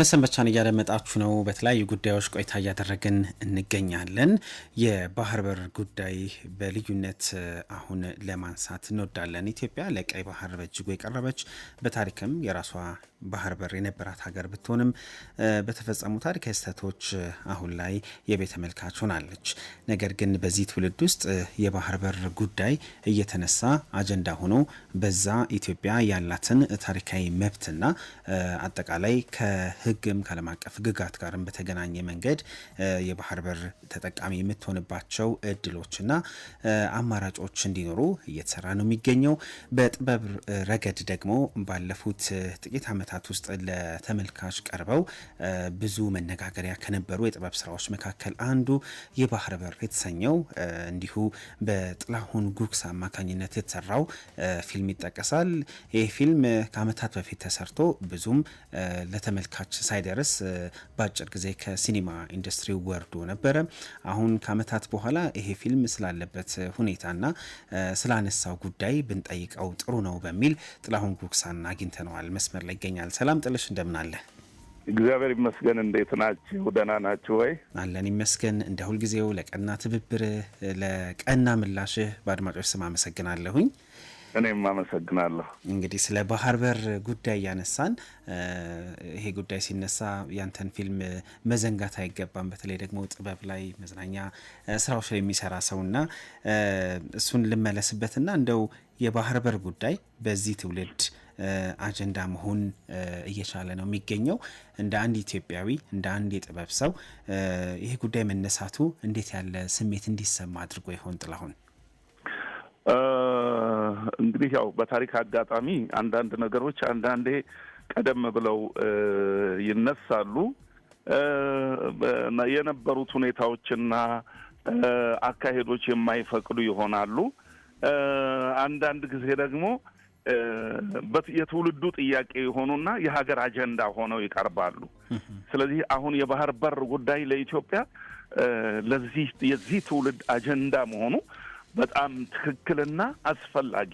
መሰንበቻን እያደመጣችሁ ነው። በተለያዩ ጉዳዮች ቆይታ እያደረግን እንገኛለን። የባህር በር ጉዳይ በልዩነት አሁን ለማንሳት እንወዳለን። ኢትዮጵያ ለቀይ ባህር በእጅጉ የቀረበች በታሪክም የራሷ ባህር በር የነበራት ሀገር ብትሆንም በተፈጸሙ ታሪካዊ ስህተቶች አሁን ላይ የቤተ መልካች ሆናለች። ነገር ግን በዚህ ትውልድ ውስጥ የባህር በር ጉዳይ እየተነሳ አጀንዳ ሆኖ በዛ ኢትዮጵያ ያላትን ታሪካዊ መብትና አጠቃላይ ከ ህግም ከዓለም አቀፍ ግጋት ጋርም በተገናኘ መንገድ የባህር በር ተጠቃሚ የምትሆንባቸው እድሎችና አማራጮች እንዲኖሩ እየተሰራ ነው የሚገኘው። በጥበብ ረገድ ደግሞ ባለፉት ጥቂት ዓመታት ውስጥ ለተመልካች ቀርበው ብዙ መነጋገሪያ ከነበሩ የጥበብ ስራዎች መካከል አንዱ የባህር በር የተሰኘው እንዲሁ በጥላሁን ጉግስ አማካኝነት የተሰራው ፊልም ይጠቀሳል። ይህ ፊልም ከዓመታት በፊት ተሰርቶ ብዙም ለተመልካች ሳይደርስ በአጭር ጊዜ ከሲኒማ ኢንዱስትሪ ወርዶ ነበረ። አሁን ከዓመታት በኋላ ይሄ ፊልም ስላለበት ሁኔታና ስላነሳው ጉዳይ ብንጠይቀው ጥሩ ነው በሚል ጥላሁን ጉግሳን አግኝተነዋል። መስመር ላይ ይገኛል። ሰላም ጥልሽ፣ እንደምን አለ? እግዚአብሔር ይመስገን። እንዴት ናችሁ? ደህና ናችሁ ወይ? አለን ይመስገን። እንደ ሁልጊዜው ለቀና ትብብርህ፣ ለቀና ምላሽህ በአድማጮች ስም አመሰግናለሁኝ። እኔም አመሰግናለሁ። እንግዲህ ስለ ባህር በር ጉዳይ ያነሳን፣ ይሄ ጉዳይ ሲነሳ ያንተን ፊልም መዘንጋት አይገባም። በተለይ ደግሞ ጥበብ ላይ መዝናኛ ስራዎች ላይ የሚሰራ ሰውና እሱን ልመለስበትና እንደው የባህር በር ጉዳይ በዚህ ትውልድ አጀንዳ መሆን እየቻለ ነው የሚገኘው። እንደ አንድ ኢትዮጵያዊ፣ እንደ አንድ የጥበብ ሰው ይሄ ጉዳይ መነሳቱ እንዴት ያለ ስሜት እንዲሰማ አድርጎ ይሆን ጥላሁን? እንግዲህ ያው በታሪክ አጋጣሚ አንዳንድ ነገሮች አንዳንዴ ቀደም ብለው ይነሳሉ። የነበሩት ሁኔታዎችና አካሄዶች የማይፈቅዱ ይሆናሉ። አንዳንድ ጊዜ ደግሞ የትውልዱ ጥያቄ የሆኑና የሀገር አጀንዳ ሆነው ይቀርባሉ። ስለዚህ አሁን የባህር በር ጉዳይ ለኢትዮጵያ ለዚህ የዚህ ትውልድ አጀንዳ መሆኑ በጣም ትክክልና አስፈላጊ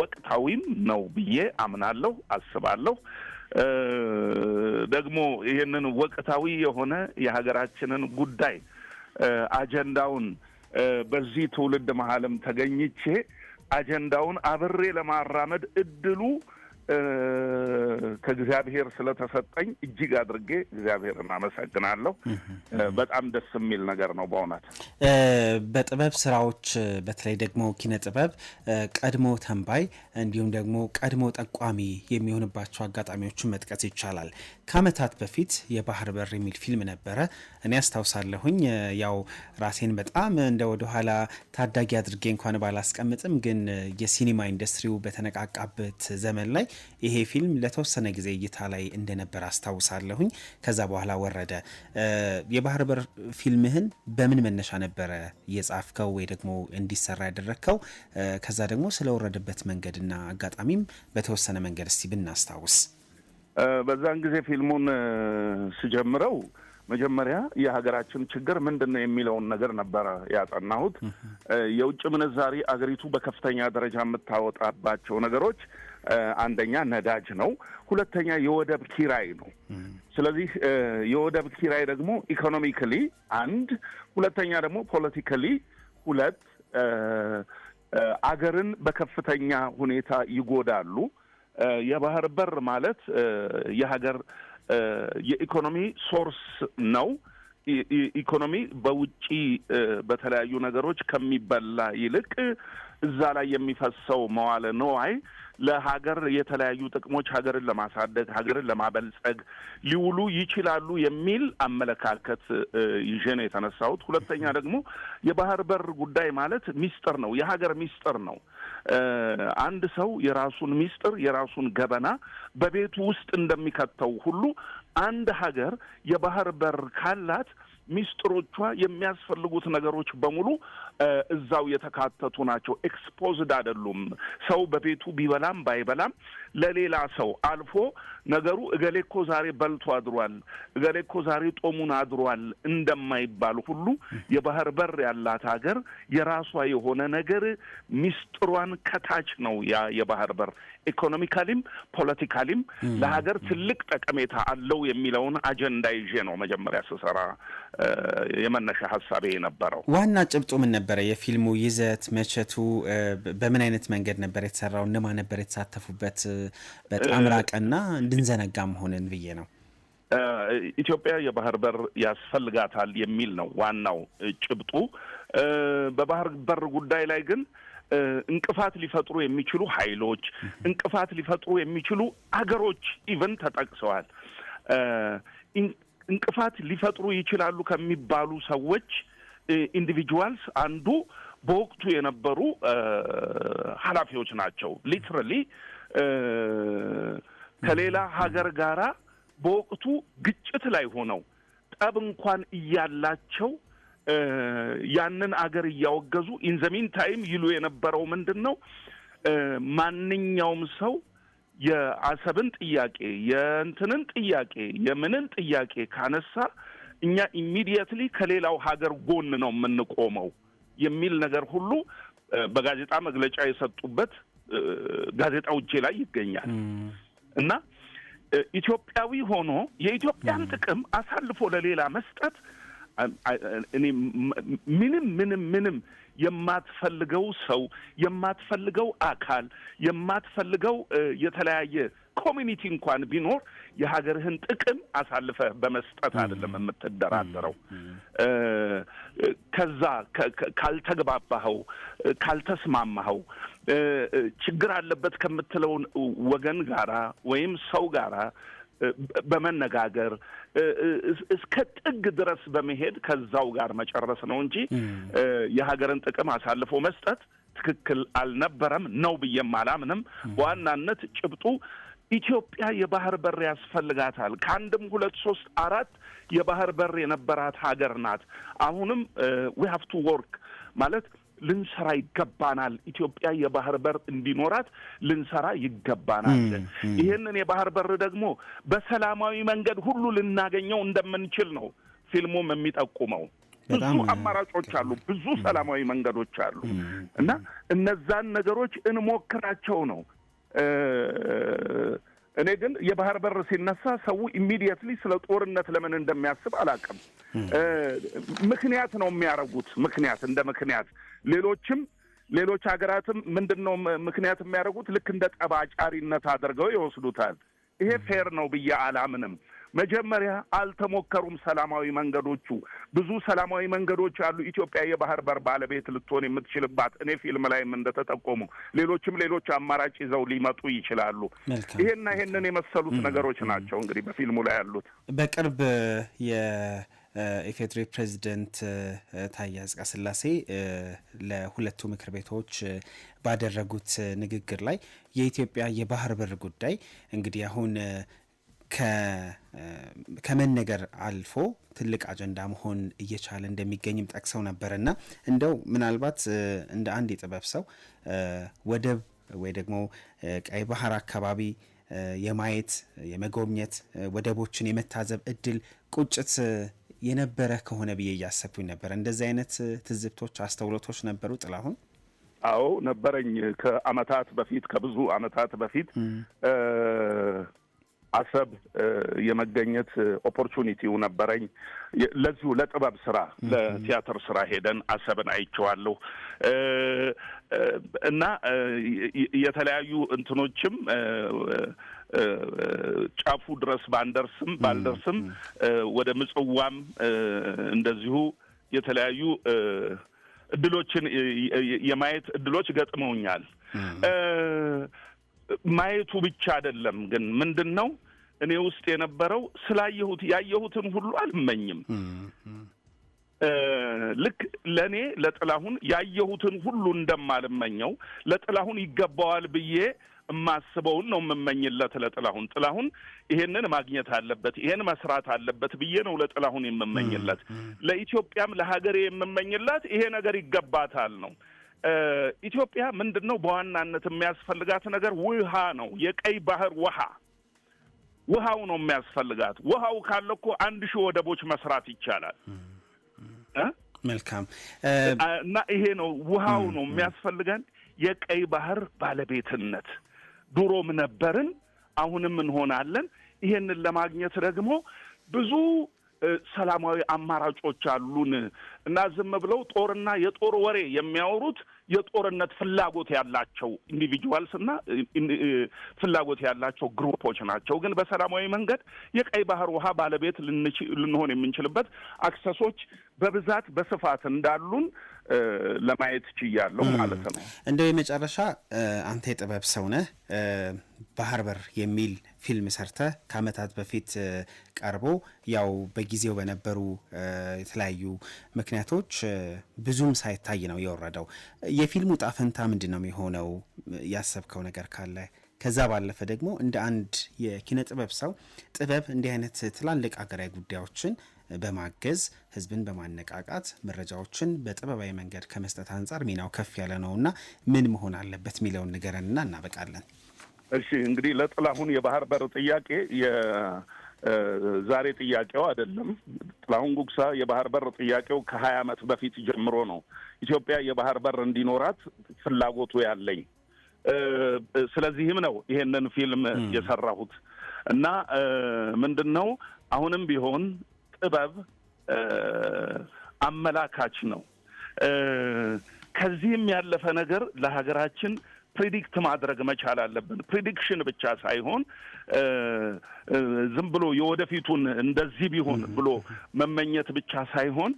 ወቅታዊም ነው ብዬ አምናለሁ፣ አስባለሁ። ደግሞ ይህንን ወቅታዊ የሆነ የሀገራችንን ጉዳይ አጀንዳውን በዚህ ትውልድ መሀልም ተገኝቼ አጀንዳውን አብሬ ለማራመድ እድሉ ከእግዚአብሔር ስለተሰጠኝ እጅግ አድርጌ እግዚአብሔርን አመሰግናለሁ። በጣም ደስ የሚል ነገር ነው በእውነት በጥበብ ስራዎች በተለይ ደግሞ ኪነ ጥበብ ቀድሞ ተንባይ እንዲሁም ደግሞ ቀድሞ ጠቋሚ የሚሆንባቸው አጋጣሚዎችን መጥቀስ ይቻላል። ከአመታት በፊት የባህር በር የሚል ፊልም ነበረ። እኔ አስታውሳለሁኝ። ያው ራሴን በጣም እንደ ወደኋላ ታዳጊ አድርጌ እንኳን ባላስቀምጥም ግን የሲኒማ ኢንዱስትሪው በተነቃቃበት ዘመን ላይ ይሄ ፊልም ለተወሰነ ጊዜ እይታ ላይ እንደነበር አስታውሳለሁኝ። ከዛ በኋላ ወረደ። የባህር በር ፊልምህን በምን መነሻ ነበረ የጻፍከው ወይ ደግሞ እንዲሰራ ያደረግከው? ከዛ ደግሞ ስለወረደበት መንገድና አጋጣሚም በተወሰነ መንገድ እስቲ ብናስታውስ። በዛን ጊዜ ፊልሙን ስጀምረው መጀመሪያ የሀገራችን ችግር ምንድን ነው የሚለውን ነገር ነበረ ያጠናሁት። የውጭ ምንዛሪ አገሪቱ በከፍተኛ ደረጃ የምታወጣባቸው ነገሮች አንደኛ ነዳጅ ነው፣ ሁለተኛ የወደብ ኪራይ ነው። ስለዚህ የወደብ ኪራይ ደግሞ ኢኮኖሚካሊ አንድ፣ ሁለተኛ ደግሞ ፖለቲካሊ ሁለት አገርን በከፍተኛ ሁኔታ ይጎዳሉ። የባህር በር ማለት የሀገር የኢኮኖሚ ሶርስ ነው። ኢኮኖሚ በውጪ በተለያዩ ነገሮች ከሚበላ ይልቅ እዛ ላይ የሚፈሰው መዋለ ነዋይ ለሀገር የተለያዩ ጥቅሞች ሀገርን ለማሳደግ ሀገርን ለማበልጸግ ሊውሉ ይችላሉ የሚል አመለካከት ይዤ ነው የተነሳሁት። ሁለተኛ ደግሞ የባህር በር ጉዳይ ማለት ሚስጥር ነው፣ የሀገር ሚስጥር ነው። አንድ ሰው የራሱን ሚስጥር የራሱን ገበና በቤቱ ውስጥ እንደሚከተው ሁሉ አንድ ሀገር የባህር በር ካላት ሚስጥሮቿ የሚያስፈልጉት ነገሮች በሙሉ እዛው የተካተቱ ናቸው። ኤክስፖዝድ አይደሉም። ሰው በቤቱ ቢበላም ባይበላም ለሌላ ሰው አልፎ ነገሩ እገሌ እኮ ዛሬ በልቶ አድሯል፣ እገሌ እኮ ዛሬ ጦሙን አድሯል እንደማይባል ሁሉ የባህር በር ያላት ሀገር የራሷ የሆነ ነገር ሚስጥሯን ከታች ነው። ያ የባህር በር ኢኮኖሚካሊም ፖለቲካሊም ለሀገር ትልቅ ጠቀሜታ አለው የሚለውን አጀንዳ ይዤ ነው መጀመሪያ ስሰራ የመነሻ ሀሳቤ የነበረው። ዋና ጭብጡ ምን ነበረ? የፊልሙ ይዘት መቼቱ በምን አይነት መንገድ ነበር የተሰራው? እነማን ነበር የተሳተፉበት? በጣም ራቀና እንድንዘነጋ መሆንን ብዬ ነው። ኢትዮጵያ የባህር በር ያስፈልጋታል የሚል ነው ዋናው ጭብጡ። በባህር በር ጉዳይ ላይ ግን እንቅፋት ሊፈጥሩ የሚችሉ ኃይሎች፣ እንቅፋት ሊፈጥሩ የሚችሉ አገሮች ኢቨን ተጠቅሰዋል። እንቅፋት ሊፈጥሩ ይችላሉ ከሚባሉ ሰዎች ኢንዲቪጁዋልስ አንዱ በወቅቱ የነበሩ ኃላፊዎች ናቸው ሊትራሊ ከሌላ ሀገር ጋራ በወቅቱ ግጭት ላይ ሆነው ጠብ እንኳን እያላቸው ያንን አገር እያወገዙ ኢንዘሚን ታይም ይሉ የነበረው ምንድን ነው? ማንኛውም ሰው የአሰብን ጥያቄ የእንትንን ጥያቄ የምንን ጥያቄ ካነሳ እኛ ኢሚዲየትሊ ከሌላው ሀገር ጎን ነው የምንቆመው የሚል ነገር ሁሉ በጋዜጣ መግለጫ የሰጡበት ጋዜጣው ላይ ይገኛል እና ኢትዮጵያዊ ሆኖ የኢትዮጵያን ጥቅም አሳልፎ ለሌላ መስጠት እኔ ምንም ምንም ምንም የማትፈልገው ሰው የማትፈልገው አካል የማትፈልገው የተለያየ ኮሚኒቲ እንኳን ቢኖር የሀገርህን ጥቅም አሳልፈህ በመስጠት አይደለም የምትደራደረው። ከዛ ካልተግባባኸው፣ ካልተስማማኸው ችግር አለበት ከምትለው ወገን ጋራ ወይም ሰው ጋራ በመነጋገር እስከ ጥግ ድረስ በመሄድ ከዛው ጋር መጨረስ ነው እንጂ የሀገርን ጥቅም አሳልፎ መስጠት ትክክል አልነበረም ነው ብዬም አላምንም። በዋናነት ጭብጡ ኢትዮጵያ የባህር በር ያስፈልጋታል። ከአንድም ሁለት ሶስት አራት የባህር በር የነበራት ሀገር ናት። አሁንም ዊ ሀቭ ቱ ወርክ ማለት ልንሰራ ይገባናል። ኢትዮጵያ የባህር በር እንዲኖራት ልንሰራ ይገባናል። ይህንን የባህር በር ደግሞ በሰላማዊ መንገድ ሁሉ ልናገኘው እንደምንችል ነው ፊልሙም የሚጠቁመው። ብዙ አማራጮች አሉ፣ ብዙ ሰላማዊ መንገዶች አሉ እና እነዛን ነገሮች እንሞክራቸው ነው እኔ ግን የባህር በር ሲነሳ ሰው ኢሚዲየትሊ ስለ ጦርነት ለምን እንደሚያስብ አላውቅም። ምክንያት ነው የሚያደርጉት። ምክንያት እንደ ምክንያት ሌሎችም ሌሎች ሀገራትም ምንድን ነው ምክንያት የሚያደርጉት ልክ እንደ ጠባጫሪነት አድርገው ይወስዱታል። ይሄ ፌር ነው ብዬ አላምንም። መጀመሪያ አልተሞከሩም ሰላማዊ መንገዶቹ። ብዙ ሰላማዊ መንገዶች አሉ። ኢትዮጵያ የባህር በር ባለቤት ልትሆን የምትችልባት እኔ ፊልም ላይም እንደተጠቆሙ ሌሎችም ሌሎች አማራጭ ይዘው ሊመጡ ይችላሉ። ይሄና ይሄንን የመሰሉት ነገሮች ናቸው እንግዲህ በፊልሙ ላይ ያሉት። በቅርብ ኢፌድሪ ፕሬዚደንት ታዬ አጽቀሥላሴ ለሁለቱ ምክር ቤቶች ባደረጉት ንግግር ላይ የኢትዮጵያ የባህር በር ጉዳይ እንግዲህ አሁን ከመነገር አልፎ ትልቅ አጀንዳ መሆን እየቻለ እንደሚገኝም ጠቅሰው ነበርና እንደው ምናልባት እንደ አንድ የጥበብ ሰው ወደብ ወይ ደግሞ ቀይ ባህር አካባቢ የማየት የመጎብኘት ወደቦችን የመታዘብ እድል ቁጭት የነበረ ከሆነ ብዬ እያሰብኩኝ ነበር። እንደዚህ አይነት ትዝብቶች፣ አስተውሎቶች ነበሩ ጥላሁን? አዎ ነበረኝ። ከአመታት በፊት ከብዙ አመታት በፊት አሰብ የመገኘት ኦፖርቹኒቲው ነበረኝ። ለዚሁ ለጥበብ ስራ ለቲያትር ስራ ሄደን አሰብን አይቼዋለሁ እና የተለያዩ እንትኖችም ጫፉ ድረስ ባንደርስም ባልደርስም ወደ ምጽዋም እንደዚሁ የተለያዩ እድሎችን የማየት እድሎች ገጥመውኛል። ማየቱ ብቻ አይደለም። ግን ምንድን ነው እኔ ውስጥ የነበረው ስላየሁት ያየሁትን ሁሉ አልመኝም። ልክ ለእኔ ለጥላሁን ያየሁትን ሁሉ እንደማልመኘው ለጥላሁን ይገባዋል ብዬ የማስበውን ነው የምመኝለት ለጥላሁን። ጥላሁን ይሄንን ማግኘት አለበት፣ ይሄን መስራት አለበት ብዬ ነው ለጥላሁን የምመኝለት። ለኢትዮጵያም ለሀገሬ የምመኝላት ይሄ ነገር ይገባታል ነው ኢትዮጵያ ምንድን ነው በዋናነት የሚያስፈልጋት ነገር ውሃ ነው። የቀይ ባህር ውሃ ውሃው ነው የሚያስፈልጋት። ውሃው ካለ እኮ አንድ ሺህ ወደቦች መስራት ይቻላል። መልካም እና ይሄ ነው ውሃው ነው የሚያስፈልገን። የቀይ ባህር ባለቤትነት ድሮም ነበርን፣ አሁንም እንሆናለን። ይሄንን ለማግኘት ደግሞ ብዙ ሰላማዊ አማራጮች አሉን እና ዝም ብለው ጦርና የጦር ወሬ የሚያወሩት የጦርነት ፍላጎት ያላቸው ኢንዲቪጁዋልስ እና ፍላጎት ያላቸው ግሩፖች ናቸው። ግን በሰላማዊ መንገድ የቀይ ባህር ውሃ ባለቤት ልንሆን የምንችልበት አክሰሶች በብዛት በስፋት እንዳሉን ለማየት ችያለሁ ማለት ነው። እንደው የመጨረሻ አንተ የጥበብ ሰው ነህ። ባህር በር የሚል ፊልም ሰርተ ከአመታት በፊት ቀርቦ ያው በጊዜው በነበሩ የተለያዩ ምክንያቶች ብዙም ሳይታይ ነው የወረደው። የፊልሙ ጣፈንታ ምንድን ነው የሆነው? ያሰብከው ነገር ካለ ከዛ ባለፈ ደግሞ እንደ አንድ የኪነ ጥበብ ሰው ጥበብ እንዲህ አይነት ትላልቅ አገራዊ ጉዳዮችን በማገዝ ህዝብን በማነቃቃት መረጃዎችን በጥበባዊ መንገድ ከመስጠት አንጻር ሚናው ከፍ ያለ ነው እና ምን መሆን አለበት የሚለውን ንገረንና እናበቃለን። እሺ እንግዲህ ለጥላሁን የባህር በር ጥያቄ የዛሬ ጥያቄው አይደለም። ጥላሁን ጉግሳ የባህር በር ጥያቄው ከሀያ ዓመት በፊት ጀምሮ ነው ኢትዮጵያ የባህር በር እንዲኖራት ፍላጎቱ ያለኝ። ስለዚህም ነው ይሄንን ፊልም የሰራሁት እና ምንድን ነው አሁንም ቢሆን ጥበብ አመላካች ነው። ከዚህም ያለፈ ነገር ለሀገራችን ፕሪዲክት ማድረግ መቻል አለብን። ፕሪዲክሽን ብቻ ሳይሆን ዝም ብሎ የወደፊቱን እንደዚህ ቢሆን ብሎ መመኘት ብቻ ሳይሆን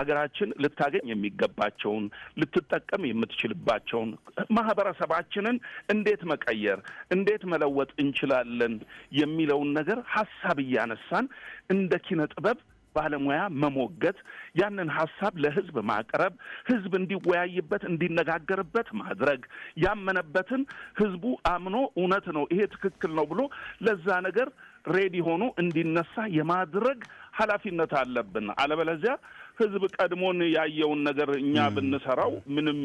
አገራችን ልታገኝ የሚገባቸውን ልትጠቀም የምትችልባቸውን ማህበረሰባችንን እንዴት መቀየር እንዴት መለወጥ እንችላለን የሚለውን ነገር ሀሳብ እያነሳን እንደ ኪነ ጥበብ ባለሙያ መሞገት፣ ያንን ሀሳብ ለህዝብ ማቅረብ፣ ህዝብ እንዲወያይበት እንዲነጋገርበት ማድረግ፣ ያመነበትን ህዝቡ አምኖ እውነት ነው ይሄ ትክክል ነው ብሎ ለዛ ነገር ሬዲ ሆኖ እንዲነሳ የማድረግ ሀላፊነት አለብን። አለበለዚያ ህዝብ ቀድሞን ያየውን ነገር እኛ ብንሰራው ምንም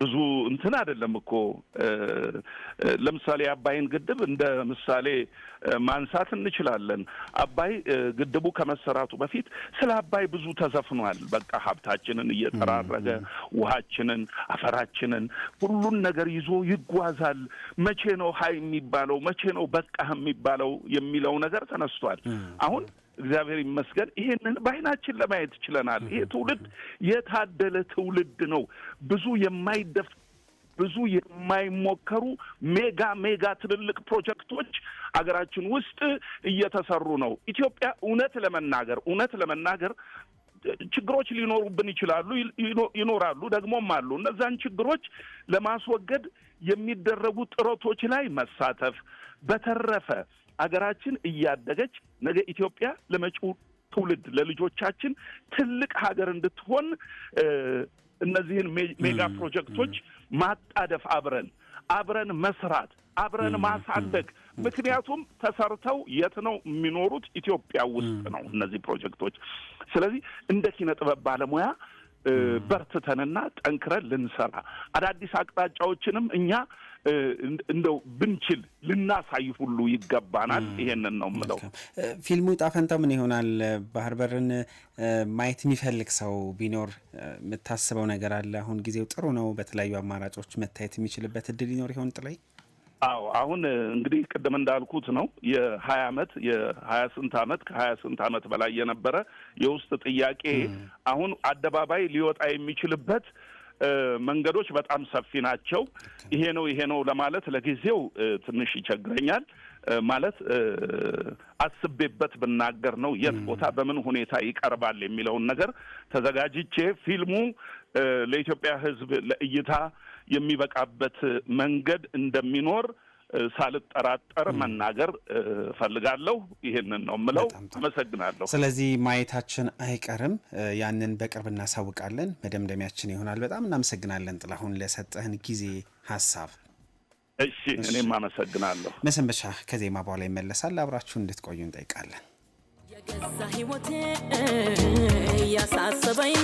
ብዙ እንትን አይደለም እኮ። ለምሳሌ አባይን ግድብ እንደ ምሳሌ ማንሳት እንችላለን። አባይ ግድቡ ከመሰራቱ በፊት ስለ አባይ ብዙ ተዘፍኗል። በቃ ሀብታችንን እየጠራረገ ውሃችንን፣ አፈራችንን ሁሉን ነገር ይዞ ይጓዛል። መቼ ነው ሀይ የሚባለው? መቼ ነው በቃህ የሚባለው የሚለው ነገር ተነስቷል አሁን እግዚአብሔር ይመስገን ይሄንን በአይናችን ለማየት ችለናል። ይሄ ትውልድ የታደለ ትውልድ ነው። ብዙ የማይደፍ ብዙ የማይሞከሩ ሜጋ ሜጋ ትልልቅ ፕሮጀክቶች አገራችን ውስጥ እየተሰሩ ነው። ኢትዮጵያ እውነት ለመናገር እውነት ለመናገር ችግሮች ሊኖሩብን ይችላሉ፣ ይኖራሉ፣ ደግሞም አሉ። እነዛን ችግሮች ለማስወገድ የሚደረጉ ጥረቶች ላይ መሳተፍ በተረፈ አገራችን እያደገች ነገ ኢትዮጵያ ለመጪው ትውልድ ለልጆቻችን ትልቅ ሀገር እንድትሆን እነዚህን ሜጋ ፕሮጀክቶች ማጣደፍ አብረን አብረን መስራት አብረን ማሳደግ። ምክንያቱም ተሰርተው የት ነው የሚኖሩት? ኢትዮጵያ ውስጥ ነው እነዚህ ፕሮጀክቶች። ስለዚህ እንደ ኪነ ጥበብ ባለሙያ በርትተንና ጠንክረን ልንሰራ አዳዲስ አቅጣጫዎችንም እኛ እንደው ብንችል ልናሳይ ሁሉ ይገባናል። ይሄንን ነው ምለው። ፊልሙ ጣፈንታ ምን ይሆናል? ባህር በርን ማየት የሚፈልግ ሰው ቢኖር የምታስበው ነገር አለ? አሁን ጊዜው ጥሩ ነው፣ በተለያዩ አማራጮች መታየት የሚችልበት እድል ይኖር ይሆን ጥላይ? አዎ አሁን እንግዲህ ቅድም እንዳልኩት ነው የሀያ አመት የሀያ ስንት አመት ከሀያ ስንት አመት በላይ የነበረ የውስጥ ጥያቄ አሁን አደባባይ ሊወጣ የሚችልበት መንገዶች በጣም ሰፊ ናቸው። ይሄ ነው ይሄ ነው ለማለት ለጊዜው ትንሽ ይቸግረኛል። ማለት አስቤበት ብናገር ነው የት ቦታ በምን ሁኔታ ይቀርባል የሚለውን ነገር ተዘጋጅቼ ፊልሙ ለኢትዮጵያ ሕዝብ ለእይታ የሚበቃበት መንገድ እንደሚኖር ሳልጠራጠር መናገር ፈልጋለሁ። ይህንን ነው ምለው። አመሰግናለሁ። ስለዚህ ማየታችን አይቀርም። ያንን በቅርብ እናሳውቃለን፣ መደምደሚያችን ይሆናል። በጣም እናመሰግናለን ጥላሁን ለሰጠህን ጊዜ፣ ሀሳብ። እሺ፣ እኔም አመሰግናለሁ። መሰንበቻ ከዜማ በኋላ ይመለሳል። አብራችሁ እንድትቆዩ እንጠይቃለን። የገዛ ህይወቴ እያሳሰበኝ